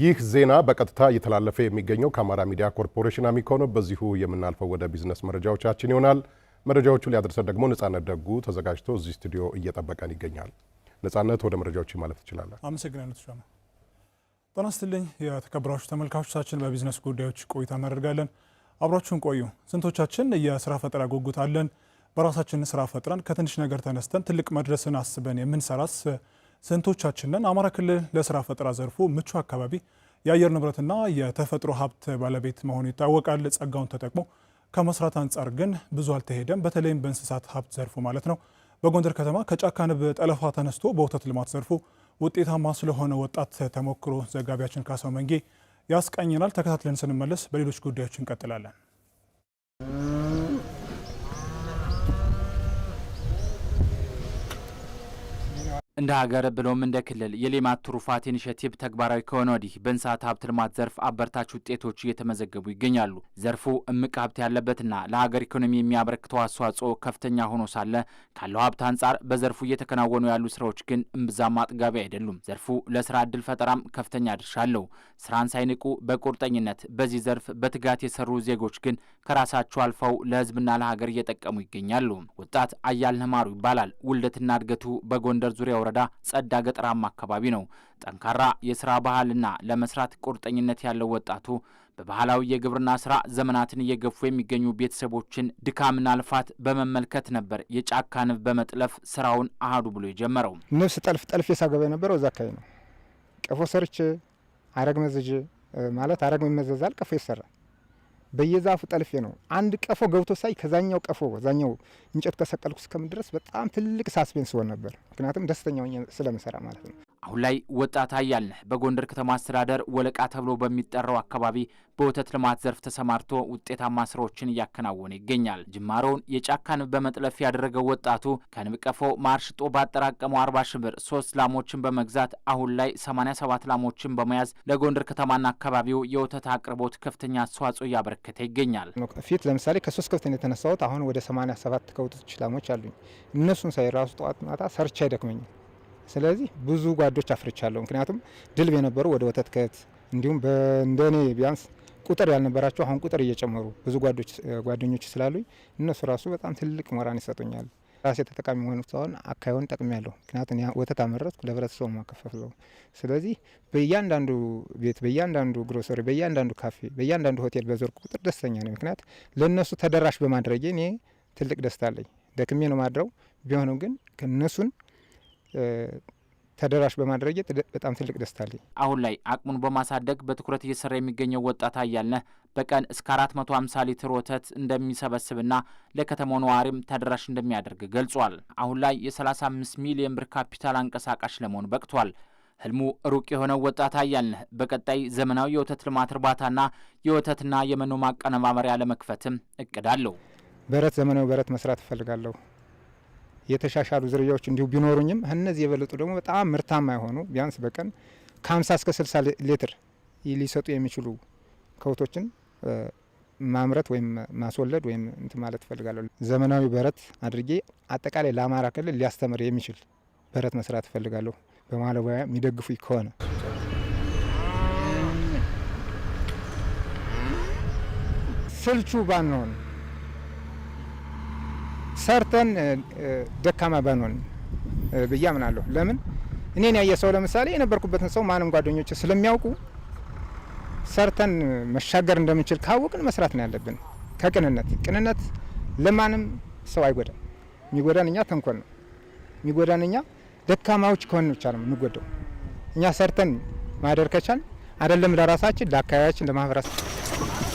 ይህ ዜና በቀጥታ እየተላለፈ የሚገኘው ከአማራ ሚዲያ ኮርፖሬሽን አሚኮ ነው። በዚሁ የምናልፈው ወደ ቢዝነስ መረጃዎቻችን ይሆናል። መረጃዎቹን ሊያደርሰን ደግሞ ነጻነት ደጉ ተዘጋጅቶ እዚህ ስቱዲዮ እየጠበቀን ይገኛል። ነጻነት፣ ወደ መረጃዎች ማለፍ ትችላለን። አመሰግናለሁ ሻማ። ጤና ይስጥልኝ የተከበራችሁ ተመልካቾቻችን፣ በቢዝነስ ጉዳዮች ቆይታ እናደርጋለን። አብራችሁን ቆዩ። ስንቶቻችን የስራ ፈጠራ ጉጉት አለን? በራሳችን ስራ ፈጥረን ከትንሽ ነገር ተነስተን ትልቅ መድረስን አስበን የምንሰራስ ስንቶቻችንን አማራ ክልል ለስራ ፈጠራ ዘርፉ ምቹ አካባቢ የአየር ንብረትና የተፈጥሮ ሀብት ባለቤት መሆኑ ይታወቃል። ጸጋውን ተጠቅሞ ከመስራት አንጻር ግን ብዙ አልተሄደም። በተለይም በእንስሳት ሀብት ዘርፉ ማለት ነው። በጎንደር ከተማ ከጫካ ንብ ጠለፋ ተነስቶ በወተት ልማት ዘርፉ ውጤታማ ስለሆነ ወጣት ተሞክሮ ዘጋቢያችን ካሳው መንጌ ያስቃኝናል። ተከታትለን ስንመለስ በሌሎች ጉዳዮች እንቀጥላለን። እንደ ሀገር ብሎም እንደ ክልል የሌማት ትሩፋት ኢኒሽቲቭ ተግባራዊ ከሆነ ወዲህ በእንስሳት ሀብት ልማት ዘርፍ አበርታች ውጤቶች እየተመዘገቡ ይገኛሉ። ዘርፉ እምቅ ሀብት ያለበትና ለሀገር ኢኮኖሚ የሚያበረክተው አስተዋጽኦ ከፍተኛ ሆኖ ሳለ ካለው ሀብት አንጻር በዘርፉ እየተከናወኑ ያሉ ስራዎች ግን እምብዛም አጥጋቢ አይደሉም። ዘርፉ ለስራ እድል ፈጠራም ከፍተኛ ድርሻ አለው። ስራን ሳይንቁ በቁርጠኝነት በዚህ ዘርፍ በትጋት የሰሩ ዜጎች ግን ከራሳቸው አልፈው ለህዝብና ለሀገር እየጠቀሙ ይገኛሉ። ወጣት አያል ማሩ ይባላል። ውልደትና እድገቱ በጎንደር ዙሪያ ወረዳ ጸዳ ገጠራማ አካባቢ ነው። ጠንካራ የስራ ባህልና ለመስራት ቁርጠኝነት ያለው ወጣቱ በባህላዊ የግብርና ስራ ዘመናትን እየገፉ የሚገኙ ቤተሰቦችን ድካምና ልፋት በመመልከት ነበር የጫካ ንብ በመጥለፍ ስራውን አህዱ ብሎ የጀመረው። ንብ ስጠልፍ ጠልፍ የሳገበ የነበረው እዛ አካባቢ ነው። ቀፎ ሰርች አረግ መዝጄ ማለት አረግ ይመዘዛል፣ ቀፎ ይሰራል በየዛፉ ጠልፌ ነው አንድ ቀፎ ገብቶ ሳይ ከዛኛው ቀፎ ዛኛው እንጨት ከሰቀልኩ እስከምድረስ በጣም ትልቅ ሳስፔንስ ሆን ነበር። ምክንያቱም ደስተኛ ስለምሰራ ማለት ነው። አሁን ላይ ወጣት አያልነህ በጎንደር ከተማ አስተዳደር ወለቃ ተብሎ በሚጠራው አካባቢ በወተት ልማት ዘርፍ ተሰማርቶ ውጤታማ ስራዎችን እያከናወነ ይገኛል። ጅማሮውን የጫካን በመጥለፍ ያደረገው ወጣቱ ከንብ ቀፎ ማር ሽጦ ባጠራቀመው አርባ ሺህ ብር ሶስት ላሞችን በመግዛት አሁን ላይ 87 ላሞችን በመያዝ ለጎንደር ከተማና አካባቢው የወተት አቅርቦት ከፍተኛ አስተዋጽኦ እያበረከተ ይገኛል። ፊት ለምሳሌ ከሶስት ከፍተኛ የተነሳሁት አሁን ወደ ሰባት ከወተቶች ላሞች አሉኝ። እነሱን ሳይ ራሱ ጠዋት ማታ ሰርቻ አይደክመኝም። ስለዚህ ብዙ ጓዶች አፍርቻለሁ። ምክንያቱም ድልብ የነበሩ ወደ ወተት ከት እንዲሁም እንደኔ ቢያንስ ቁጥር ያልነበራቸው አሁን ቁጥር እየጨመሩ ብዙ ጓደኞች ስላሉኝ እነሱ ራሱ በጣም ትልቅ ሞራን ይሰጡኛል። ራሴ ተጠቃሚ መሆኑ ሳይሆን አካባቢውን ጠቅሜያለሁ። ምክንያቱም ወተት አመረትኩ ለህብረተሰቡ ማከፋፍለው። ስለዚህ በእያንዳንዱ ቤት፣ በእያንዳንዱ ግሮሰሪ፣ በእያንዳንዱ ካፌ፣ በእያንዳንዱ ሆቴል በዞርኩ ቁጥር ደስተኛ ነኝ። ምክንያት ለእነሱ ተደራሽ በማድረጌ እኔ ትልቅ ደስታ አለኝ። ደክሜ ነው ማድረው ቢሆንም ግን ከእነሱን ተደራሽ በማድረግ በጣም ትልቅ ደስታ አለኝ። አሁን ላይ አቅሙን በማሳደግ በትኩረት እየሰራ የሚገኘው ወጣት አያልነህ በቀን እስከ 450 ሊትር ወተት እንደሚሰበስብና ለከተማው ነዋሪም ተደራሽ እንደሚያደርግ ገልጿል። አሁን ላይ የ35 ሚሊዮን ብር ካፒታል አንቀሳቃሽ ለመሆን በቅቷል። ህልሙ ሩቅ የሆነው ወጣት አያልነህ በቀጣይ ዘመናዊ የወተት ልማት እርባታና የወተትና የመኖ ማቀነባበሪያ ለመክፈትም እቅድ አለው። በረት ዘመናዊ በረት መስራት እፈልጋለሁ። የተሻሻሉ ዝርያዎች እንዲሁ ቢኖሩኝም እነዚህ የበለጡ ደግሞ በጣም ምርታማ የሆኑ ቢያንስ በቀን ከ50 እስከ 60 ሊትር ሊሰጡ የሚችሉ ከውቶችን ማምረት ወይም ማስወለድ ወይም እንትን ማለት እፈልጋለሁ። ዘመናዊ በረት አድርጌ አጠቃላይ ለአማራ ክልል ሊያስተምር የሚችል በረት መስራት እፈልጋለሁ። በማለሙያ የሚደግፉ ከሆነ ስልቹ ባንሆን ሰርተን ደካማ ባንሆን ብዬ አምናለሁ። ለምን እኔን ያየ ሰው ለምሳሌ የነበርኩበትን ሰው ማንም ጓደኞች ስለሚያውቁ ሰርተን መሻገር እንደምንችል ካወቅን መስራት ነው ያለብን። ከቅንነት ቅንነት ለማንም ሰው አይጎዳም። የሚጎዳን እኛ ተንኮል ነው። የሚጎዳን እኛ ደካማዎች ከሆን ብቻ ነው እኛ ሰርተን ማደር ከቻል አይደለም ለራሳችን፣ ለአካባቢያችን፣ ለማህበረሰብ